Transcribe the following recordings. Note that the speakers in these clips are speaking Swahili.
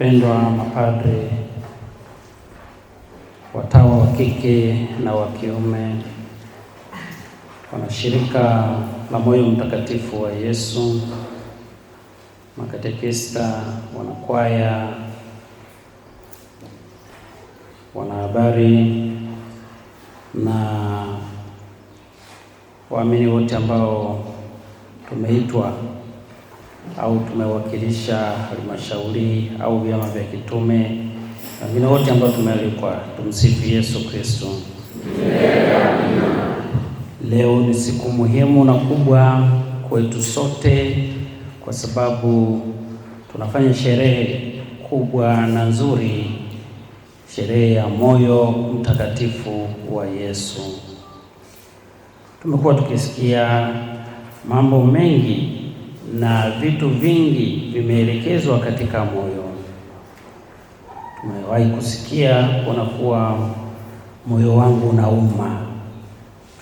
Pendwa mapadre, watawa wa kike na wa kiume, wanashirika la Moyo Mtakatifu wa Yesu, makatekista, wanakwaya, wanahabari na waamini wote ambao tumeitwa au tumewakilisha halmashauri au vyama vya kitume na vina wote ambao tumealikwa. Tumsifu Yesu Kristo. Leo ni siku muhimu na kubwa kwetu sote, kwa sababu tunafanya sherehe kubwa na nzuri, sherehe ya moyo mtakatifu wa Yesu. Tumekuwa tukisikia mambo mengi na vitu vingi vimeelekezwa katika moyo. Tumewahi kusikia kuona kuwa moyo wangu unauma,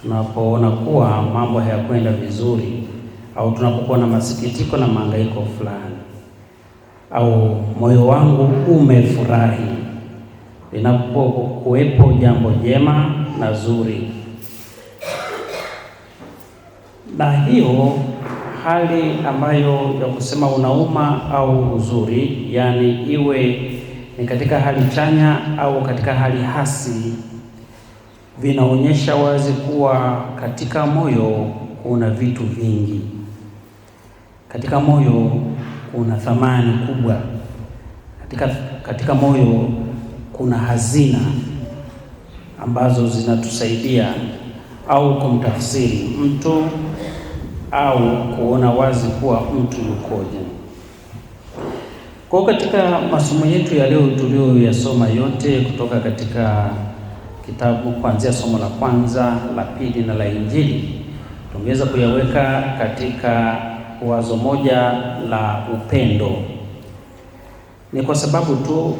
tunapoona kuwa mambo hayakwenda vizuri, au tunapokuwa na masikitiko na mahangaiko fulani, au moyo wangu umefurahi linapokuwepo jambo jema na zuri, na hiyo hali ambayo ya kusema unauma au uzuri, yaani iwe ni katika hali chanya au katika hali hasi, vinaonyesha wazi kuwa katika moyo kuna vitu vingi, katika moyo kuna thamani kubwa, katika, katika moyo kuna hazina ambazo zinatusaidia au kumtafsiri mtu au kuona wazi kuwa mtu yukoje. Kwa katika masomo yetu ya leo tuliyoyasoma yote kutoka katika kitabu kuanzia somo la kwanza, la pili na la Injili, tumeweza kuyaweka katika wazo moja la upendo. Ni kwa sababu tu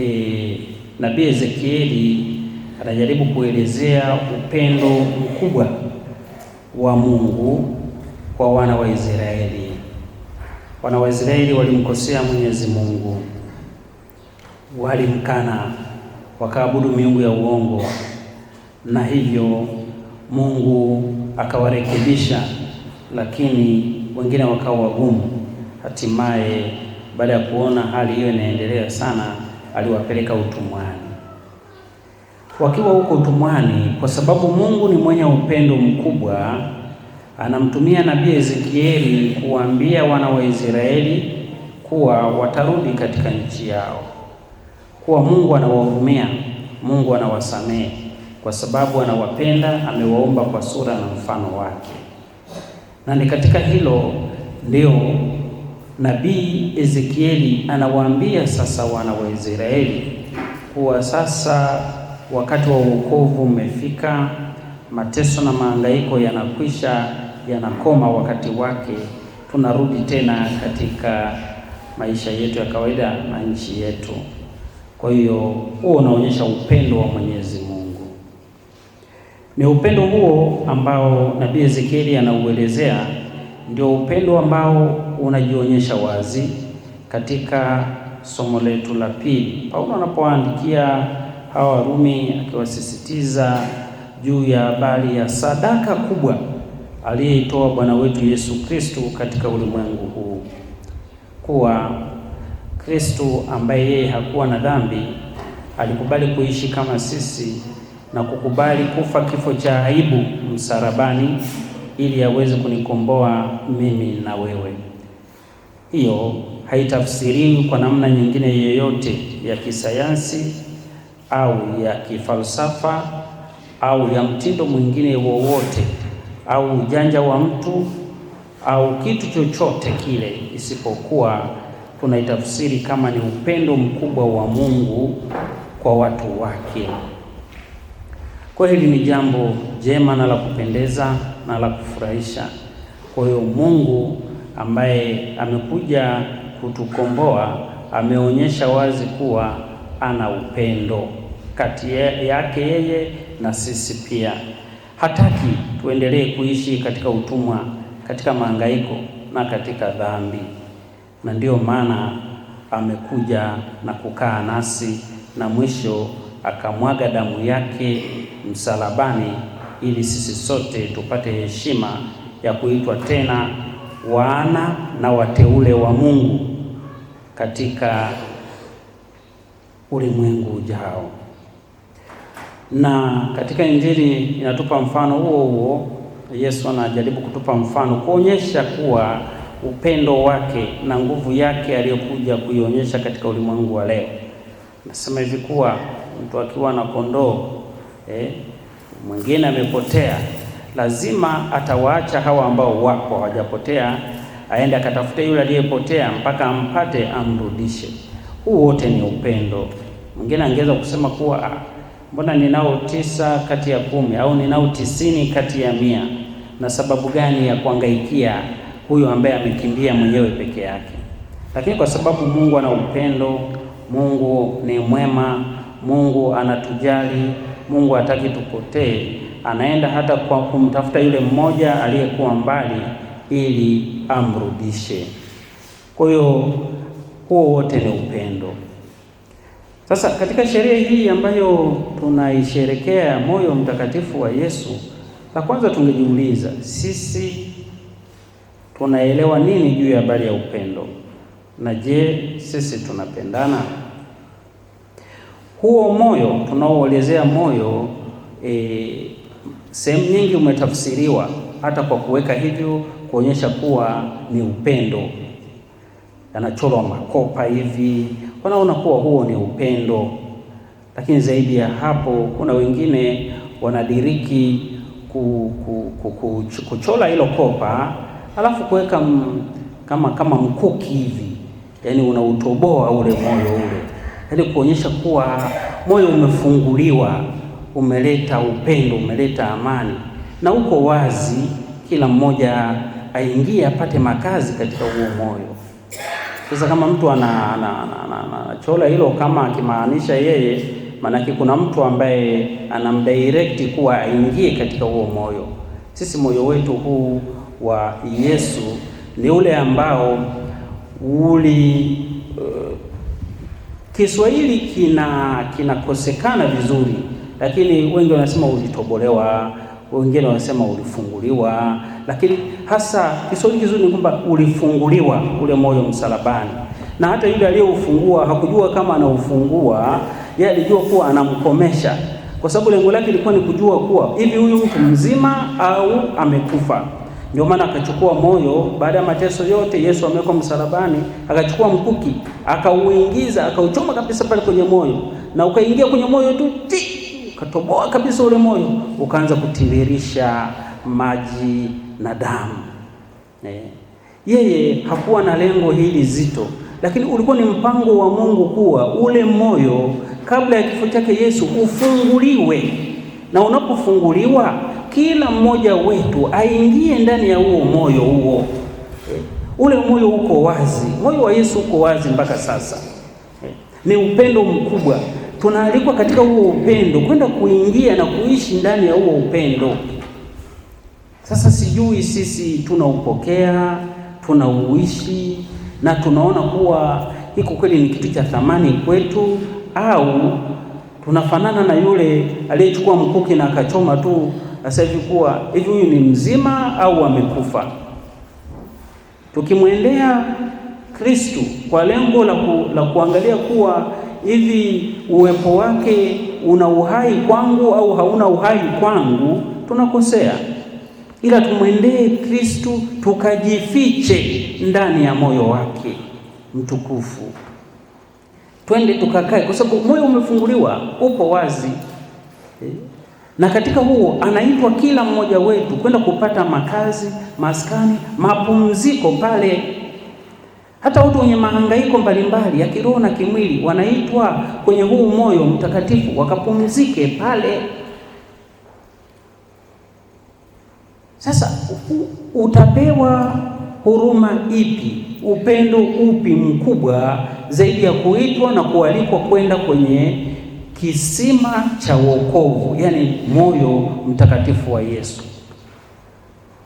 e, Nabii Ezekieli anajaribu kuelezea upendo mkubwa wa Mungu kwa wana wa Israeli. Wana wa Israeli walimkosea Mwenyezi Mungu, walimkana, wakaabudu miungu ya uongo, na hivyo Mungu akawarekebisha, lakini wengine wakawa wagumu. Hatimaye baada ya kuona hali hiyo inaendelea sana, aliwapeleka utumwani. Wakiwa huko utumwani, kwa sababu Mungu ni mwenye upendo mkubwa anamtumia nabii Ezekieli kuwaambia wana wa Israeli kuwa watarudi katika nchi yao, kuwa Mungu anawahurumia, Mungu anawasamehe kwa sababu anawapenda, amewaumba kwa sura na mfano wake. Na ni katika hilo ndio nabii Ezekieli anawaambia sasa wana wa Israeli kuwa sasa wakati wa wokovu umefika, mateso na maangaiko yanakwisha yanakoma wakati wake, tunarudi tena katika maisha yetu ya kawaida na nchi yetu. Kwa hiyo huo unaonyesha upendo wa Mwenyezi Mungu. Ni upendo huo ambao Nabii Ezekieli anauelezea ndio upendo ambao unajionyesha wazi katika somo letu la pili. Paulo anapoandikia hawa Warumi akiwasisitiza juu ya habari ya sadaka kubwa aliyeitoa Bwana wetu Yesu Kristo katika ulimwengu huu, kuwa Kristo ambaye yeye hakuwa na dhambi alikubali kuishi kama sisi na kukubali kufa kifo cha aibu msalabani ili aweze kunikomboa mimi na wewe. Hiyo haitafsiriwi kwa namna nyingine yoyote ya kisayansi au ya kifalsafa au ya mtindo mwingine wowote au ujanja wa mtu au kitu chochote kile, isipokuwa tunaitafsiri kama ni upendo mkubwa wa Mungu kwa watu wake. Kwa hili ni jambo jema na la kupendeza na la kufurahisha. Kwa hiyo Mungu ambaye amekuja kutukomboa ameonyesha wazi kuwa ana upendo kati yake yeye na sisi pia. Hataki tuendelee kuishi katika utumwa, katika mahangaiko na katika dhambi, na ndiyo maana amekuja na kukaa nasi na mwisho akamwaga damu yake msalabani ili sisi sote tupate heshima ya kuitwa tena wana na wateule wa Mungu katika ulimwengu ujao na katika Injili inatupa mfano huo huo. Yesu anajaribu kutupa mfano kuonyesha kuwa upendo wake na nguvu yake aliyokuja kuionyesha katika ulimwengu wa leo. Nasema hivi kuwa mtu akiwa na kondoo eh, mwingine amepotea, lazima atawaacha hawa ambao wako hawajapotea, aende akatafute yule aliyepotea mpaka ampate, amrudishe. Huu wote ni upendo. Mwingine angeweza kusema kuwa ah, mbona ninao tisa kati ya kumi au ninao tisini kati ya mia? Na sababu gani ya kuangaikia huyu ambaye amekimbia mwenyewe peke yake? Lakini kwa sababu Mungu ana upendo, Mungu ni mwema, Mungu anatujali, Mungu hataki tupotee, anaenda hata kwa kumtafuta yule mmoja aliyekuwa mbali ili amrudishe. Kwa hiyo huo wote ni upendo. Sasa katika sherehe hii ambayo tunaisherekea moyo mtakatifu wa Yesu, la kwanza tungejiuliza sisi tunaelewa nini juu ya habari ya upendo, na je, sisi tunapendana? Huo moyo tunaoelezea moyo, e, sehemu nyingi umetafsiriwa hata kwa kuweka hivyo kuonyesha kuwa ni upendo, yanachorwa makopa hivi wanaona kuwa huo ni upendo. Lakini zaidi ya hapo, kuna wengine wanadiriki ku, ku, ku, ku, kuchola hilo kopa alafu kuweka kama kama mkuki hivi, yaani unautoboa ule moyo ule, yaani kuonyesha kuwa moyo umefunguliwa, umeleta upendo, umeleta amani na uko wazi, kila mmoja aingie apate makazi katika huo moyo. Sasa kama mtu anachola ana, anachola hilo kama akimaanisha yeye, maanake kuna mtu ambaye anamdirect kuwa aingie katika huo moyo. Sisi moyo wetu huu wa Yesu ni ule ambao uli uh, Kiswahili kina kinakosekana vizuri, lakini wengi wanasema ulitobolewa wengine wanasema ulifunguliwa, lakini hasa Kiswahili kizuri ni kwamba ulifunguliwa ule moyo msalabani, na hata yule aliyeufungua hakujua kama anaufungua, yeye alijua kuwa anamkomesha, kwa sababu lengo lake lilikuwa ni kujua kuwa hivi huyu mtu mzima au amekufa. Ndio maana akachukua moyo baada ya mateso yote, Yesu amewekwa msalabani, akachukua mkuki akauingiza, akauchoma kabisa pale kwenye moyo, na ukaingia kwenye moyo tu ukatoboa kabisa ule moyo ukaanza kutiririsha maji na damu eh. Yeye hakuwa na lengo hili zito, lakini ulikuwa ni mpango wa Mungu kuwa ule moyo kabla ya kifo chake Yesu ufunguliwe, na unapofunguliwa kila mmoja wetu aingie ndani ya huo moyo huo eh, Ule moyo uko wazi, moyo wa Yesu uko wazi mpaka sasa eh, Ni upendo mkubwa tunaalikwa katika huo upendo kwenda kuingia na kuishi ndani ya huo upendo. Sasa sijui sisi tunaupokea, tunauishi na tunaona kuwa hiko kweli ni kitu cha thamani kwetu, au tunafanana na yule aliyechukua mkuki na akachoma tu sasa hivi kuwa hivi huyu ni mzima au amekufa? Tukimwendea Kristu kwa lengo la, ku, la kuangalia kuwa hivi uwepo wake una uhai kwangu au hauna uhai kwangu? Tunakosea, ila tumwendee kristu tukajifiche ndani ya moyo wake mtukufu, twende tukakae, kwa sababu moyo umefunguliwa, upo wazi na katika huo anaitwa kila mmoja wetu kwenda kupata makazi, maskani, mapumziko pale hata watu wenye mahangaiko mbalimbali ya kiroho na kimwili wanaitwa kwenye huu moyo mtakatifu wakapumzike pale. Sasa utapewa huruma ipi, upendo upi mkubwa zaidi ya kuitwa na kualikwa kwenda kwenye kisima cha wokovu, yaani moyo mtakatifu wa Yesu?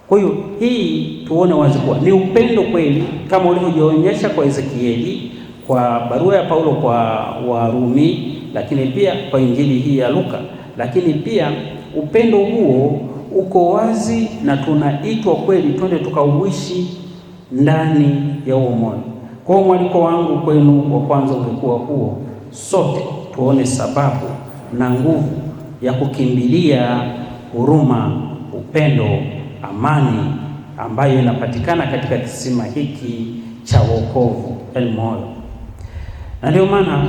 Kwa hiyo hii tuone wazi kuwa ni upendo kweli kama ulivyojionyesha kwa Ezekieli, kwa barua ya Paulo kwa Warumi, lakini pia kwa injili hii ya Luka. Lakini pia upendo huo uko wazi na tunaitwa kweli twende tukauishi ndani ya huo moyo. Kwa hiyo mwaliko wangu kwenu wa kwanza ulikuwa huo, sote tuone sababu na nguvu ya kukimbilia huruma, upendo amani ambayo inapatikana katika kisima hiki cha wokovu El Moyo. Na ndio maana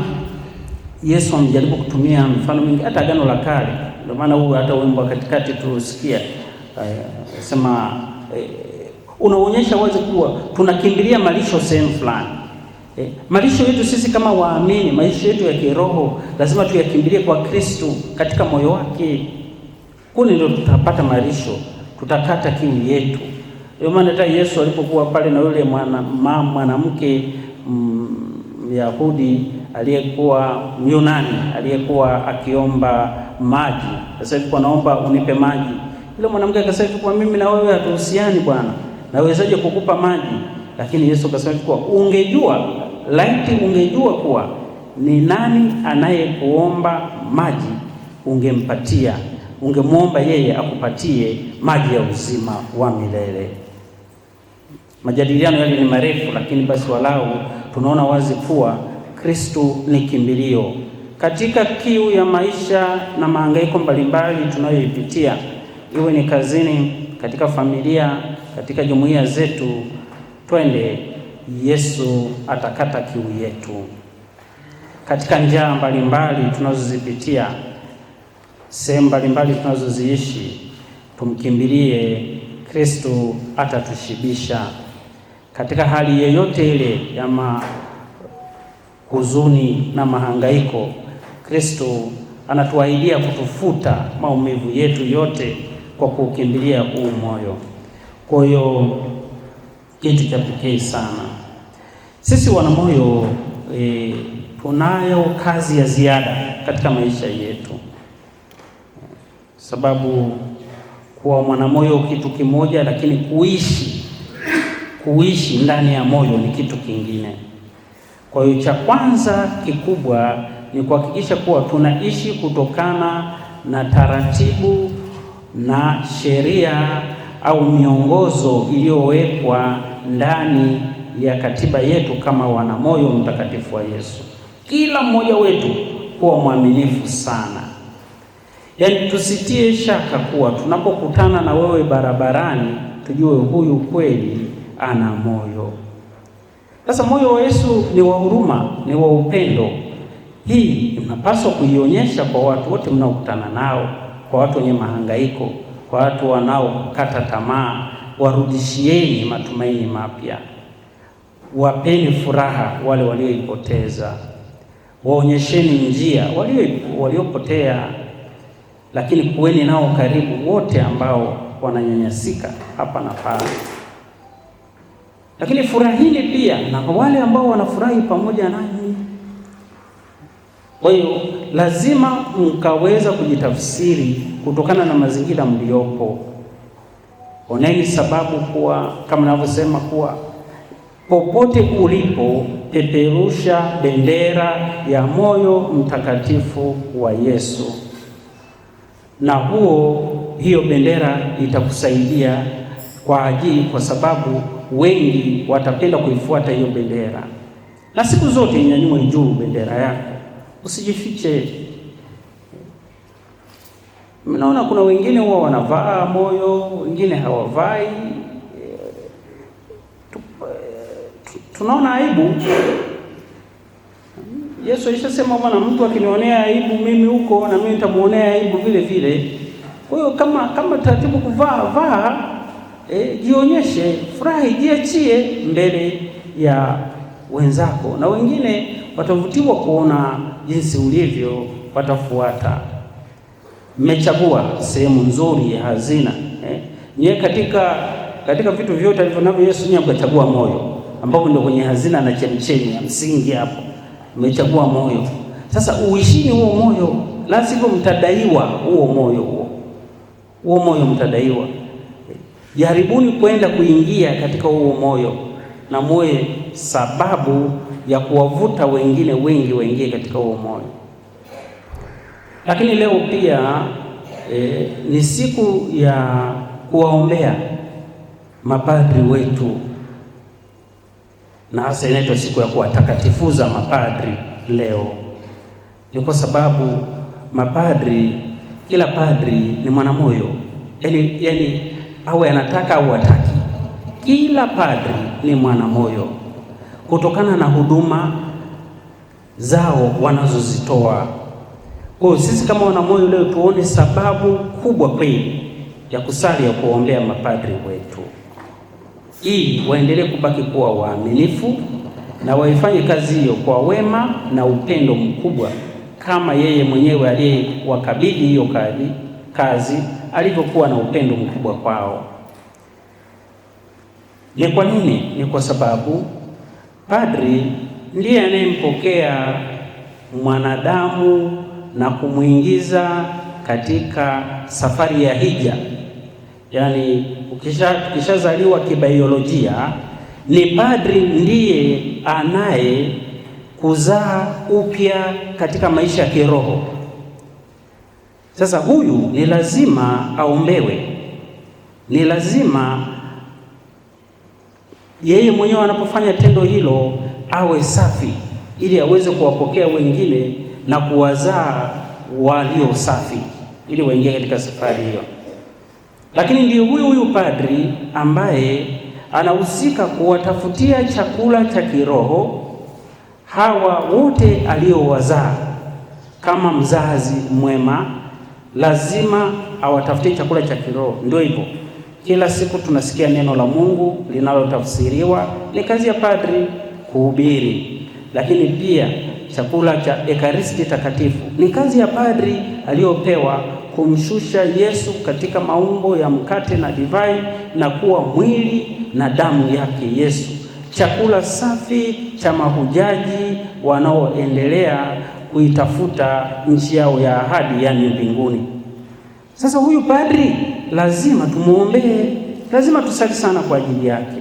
Yesu amejaribu kutumia mfano mwingi, hata Agano la Kale. Ndio maana huu hata wimbo katikati tusikia eh, sema eh, unaonyesha wazi kuwa tunakimbilia malisho sehemu fulani. Uh, malisho yetu sisi kama waamini, maisha yetu ya kiroho lazima tuyakimbilie kwa Kristo katika moyo wake, kuni ndio tutapata malisho tutakata kiu yetu. Ndio maana hata Yesu alipokuwa pale na yule mwanamke Myahudi mm, aliyekuwa Myunani aliyekuwa akiomba maji, sasa hivi naomba unipe maji. Yule mwanamke akasema kwa mimi na wewe hatuhusiani bwana, nawezaje kukupa maji? Lakini Yesu akasema kwa ungejua, laiti ungejua kuwa ni nani anayekuomba maji ungempatia ungemwomba yeye akupatie maji ya uzima wa milele. Majadiliano yale ni marefu, lakini basi walau tunaona wazi kuwa Kristo ni kimbilio katika kiu ya maisha na mahangaiko mbalimbali tunayoipitia, iwe ni kazini, katika familia, katika jumuiya zetu. Twende, Yesu atakata kiu yetu. Katika njaa mbalimbali tunazozipitia sehemu mbalimbali tunazoziishi, tumkimbilie Kristo, atatushibisha katika hali yoyote ile ya huzuni na mahangaiko. Kristo anatuahidia kutufuta maumivu yetu yote kwa kuukimbilia huu moyo. Kwa hiyo kitu cha pekee sana sisi wanamoyo e, tunayo kazi ya ziada katika maisha yetu sababu kuwa mwanamoyo kitu kimoja, lakini kuishi kuishi ndani ya moyo ni kitu kingine. Kwa hiyo cha kwanza kikubwa ni kuhakikisha kuwa tunaishi kutokana na taratibu na sheria au miongozo iliyowekwa ndani ya katiba yetu kama wanamoyo mtakatifu wa Yesu. Kila mmoja wetu kuwa mwaminifu sana. Yaani tusitie shaka kuwa tunapokutana na wewe barabarani, tujue huyu kweli ana moyo. Sasa moyo wa Yesu ni wa huruma, ni wa upendo. Hii unapaswa kuionyesha kwa watu wote mnaokutana nao, kwa watu wenye mahangaiko, kwa watu wanaokata tamaa. Warudishieni matumaini mapya, wapeni furaha wale walioipoteza, waonyesheni njia waliopotea lakini kuweni nao karibu wote ambao wananyanyasika hapa na pale. Lakini furahini pia na wale ambao wanafurahi pamoja nanyi. Kwa hiyo lazima mkaweza kujitafsiri kutokana na mazingira mliopo. Oneni sababu kuwa kama ninavyosema kuwa popote ulipo, peperusha bendera ya moyo mtakatifu wa Yesu na huo hiyo bendera itakusaidia kwa ajili, kwa sababu wengi watapenda kuifuata hiyo bendera, na siku zote inyanyue juu bendera yako, usijifiche. Mnaona kuna wengine huwa wanavaa moyo, wengine hawavai. Tunaona aibu. Yesu alishasema bwana, mtu akinionea aibu mimi huko na mimi nitamuonea aibu vile vile. Kwa hiyo kama kama taratibu kuvaa vaa, eh, jionyeshe, furahi, jiachie mbele ya wenzako, na wengine watavutiwa kuona jinsi ulivyo, watafuata. Mmechagua sehemu nzuri ya hazina eh. Niye katika katika vitu vyote alivyo navyo Yesu, niye mkachagua moyo, ambapo ndio kwenye hazina na chemchemi ya msingi hapo umechagua moyo. Sasa uishini huo moyo, la sivyo mtadaiwa huo moyo huo huo moyo mtadaiwa. Jaribuni kwenda kuingia katika huo moyo na muwe sababu ya kuwavuta wengine wengi waingie katika huo moyo. Lakini leo pia e, ni siku ya kuwaombea mapadri wetu na hasa inaitwa siku ya kuwatakatifuza mapadri leo, ni kwa sababu mapadri, kila padri ni mwanamoyo, yani yani awe anataka au hataki, kila padri ni mwanamoyo kutokana na huduma zao wanazozitoa. Kwa sisi kama wanamoyo leo tuone sababu kubwa kweli ya kusali ya kuombea mapadri wetu ili waendelee kubaki kuwa waaminifu na waifanye kazi hiyo kwa wema na upendo mkubwa kama yeye mwenyewe aliyewakabidhi hiyo kazi, kazi alivyokuwa na upendo mkubwa kwao. Ni kwa nini? Ni kwa sababu padri ndiye anayempokea mwanadamu na kumwingiza katika safari ya hija yani ukisha ukishazaliwa kibaiolojia ni padri ndiye anaye kuzaa upya katika maisha ya kiroho. Sasa huyu ni lazima aombewe, ni lazima yeye mwenyewe anapofanya tendo hilo awe safi, ili aweze kuwapokea wengine na kuwazaa walio safi, ili waingie katika safari hiyo. Lakini ndiyo huyu huyu padri ambaye anahusika kuwatafutia chakula cha kiroho hawa wote aliowazaa kama mzazi mwema, lazima awatafutie chakula cha kiroho. Ndio hivyo, kila siku tunasikia neno la Mungu linalotafsiriwa. Ni kazi ya padri kuhubiri, lakini pia chakula cha ekaristi takatifu ni kazi ya padri aliyopewa kumshusha Yesu katika maumbo ya mkate na divai na kuwa mwili na damu yake Yesu, chakula safi cha mahujaji wanaoendelea kuitafuta nchi yao ya ahadi, yaani mbinguni. Sasa huyu padri lazima tumwombee lazima tusali sana kwa ajili yake,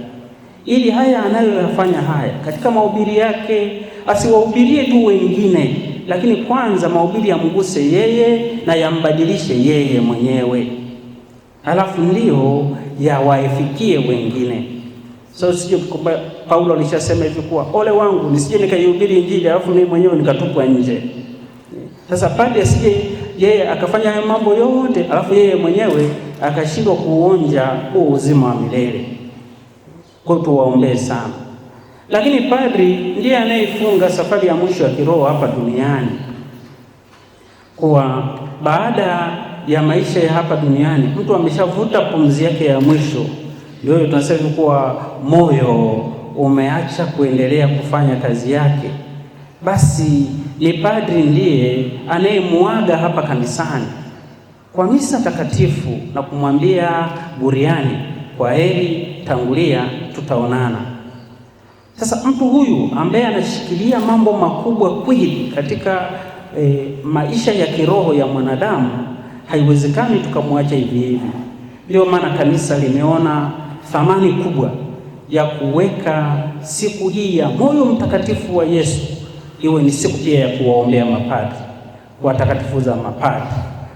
ili haya anayoyafanya haya katika mahubiri yake asiwahubirie tu wengine lakini kwanza mahubiri yamguse yeye na yambadilishe yeye mwenyewe, halafu ndio yawaefikie wengine. So kwamba Paulo alishasema hivi kuwa ole wangu nisije nikaihubiri Injili halafu mimi mwenyewe nikatupwa nje. Sasa pale asije yeye akafanya hayo mambo yote alafu yeye mwenyewe akashindwa kuonja huo uzima wa milele. Kwa hiyo tuwaombee sana. Lakini padri ndiye anayefunga safari ya mwisho ya kiroho hapa duniani, kwa baada ya maisha ya hapa duniani mtu ameshavuta pumzi yake ya mwisho, ndio tunasema kuwa moyo umeacha kuendelea kufanya kazi yake, basi ni padri ndiye anayemuaga hapa kanisani kwa misa takatifu na kumwambia buriani, kwa heri, tangulia, tutaonana. Sasa mtu huyu ambaye anashikilia mambo makubwa kweli katika e, maisha ya kiroho ya mwanadamu, haiwezekani tukamwacha hivi hivi. Ndio maana kanisa limeona thamani kubwa ya kuweka siku hii ya moyo mtakatifu wa Yesu iwe ni siku pia ya kuwaombea mapadri, kuwatakatifuza mapadri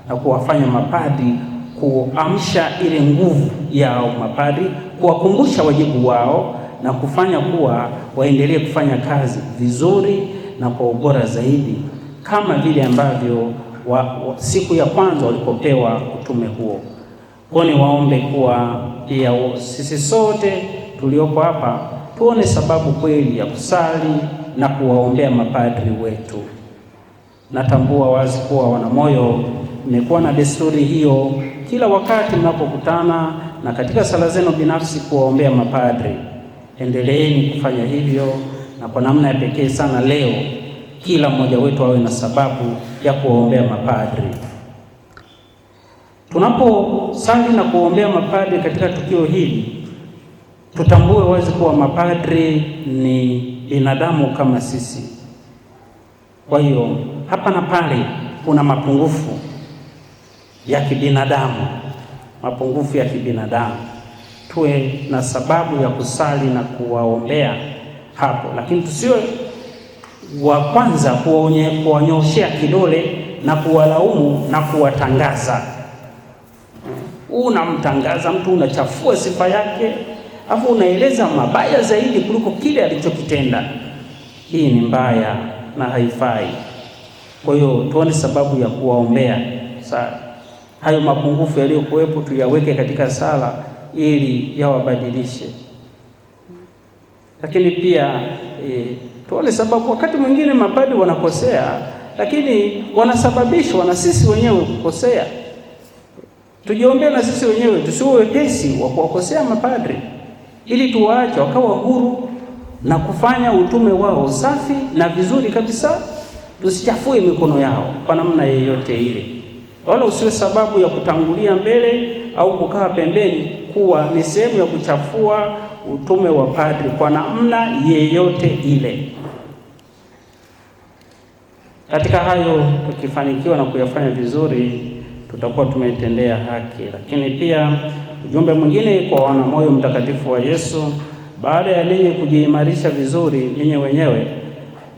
na kuwafanya mapadri, kuamsha ile nguvu yao mapadri, kuwakumbusha wajibu wao na kufanya kuwa waendelee kufanya kazi vizuri na kwa ubora zaidi kama vile ambavyo wa, wa, siku ya kwanza walipopewa utume huo. Kwa ni waombe kuwa pia sisi sote tulioko hapa tuone sababu kweli ya kusali na kuwaombea mapadri wetu. Natambua wazi kuwa wanamoyo mmekuwa na desturi hiyo kila wakati mnapokutana na katika sala zenu binafsi kuwaombea mapadri. Endeleeni kufanya hivyo, na kwa namna ya pekee sana leo kila mmoja wetu awe na sababu ya kuwaombea mapadri. Tunaposali na kuombea mapadri katika tukio hili, tutambue wazi kuwa mapadri ni binadamu kama sisi. Kwa hiyo hapa na pale kuna mapungufu ya kibinadamu, mapungufu ya kibinadamu tuwe na sababu ya kusali na kuwaombea hapo, lakini tusiwe wa kwanza kuwanyoshea kidole na kuwalaumu na kuwatangaza. Unamtangaza mtu, unachafua sifa yake, afu unaeleza mabaya zaidi kuliko kile alichokitenda. Hii ni mbaya na haifai. Kwa hiyo tuone sababu ya kuwaombea sa Hayo mapungufu yaliyokuwepo tuyaweke katika sala ili yawabadilishe. Lakini pia e, tuone sababu, wakati mwingine mapadri wanakosea, lakini wanasababishwa na sisi wenyewe kukosea. Tujiombee na sisi wenyewe tusiwe wepesi wa kuwakosea mapadri, ili tuwaache wakawa huru na kufanya utume wao safi na vizuri kabisa. Tusichafue mikono yao kwa namna yeyote ile, wala usiwe sababu ya kutangulia mbele au kukaa pembeni kuwa ni sehemu ya kuchafua utume wa padri kwa namna yeyote ile. Katika hayo tukifanikiwa na kuyafanya vizuri, tutakuwa tumetendea haki. Lakini pia ujumbe mwingine kwa wana moyo mtakatifu wa Yesu, baada ya ninyi kujiimarisha vizuri, ninyi wenyewe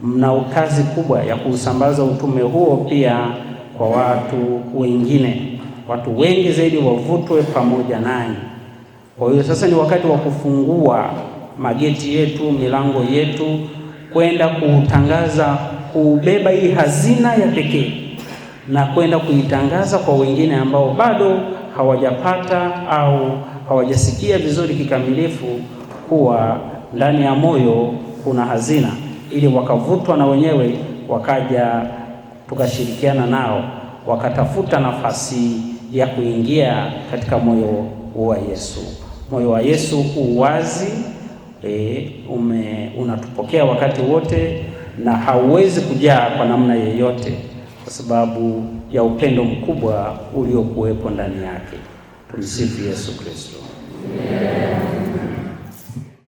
mna kazi kubwa ya kuusambaza utume huo pia kwa watu wengine watu wengi zaidi wavutwe pamoja naye Kwa hiyo sasa ni wakati wa kufungua mageti yetu, milango yetu, kwenda kuutangaza, kubeba hii hazina ya pekee na kwenda kuitangaza kwa wengine ambao bado hawajapata au hawajasikia vizuri kikamilifu kuwa ndani ya moyo kuna hazina, ili wakavutwa na wenyewe wakaja tukashirikiana nao wakatafuta nafasi ya kuingia katika moyo wa Yesu. Moyo wa Yesu uwazi e, ume, unatupokea wakati wote na hauwezi kujaa kwa namna yeyote kwa sababu ya upendo mkubwa uliokuwepo ndani yake. Tumsifu Yesu Kristo. Yeah.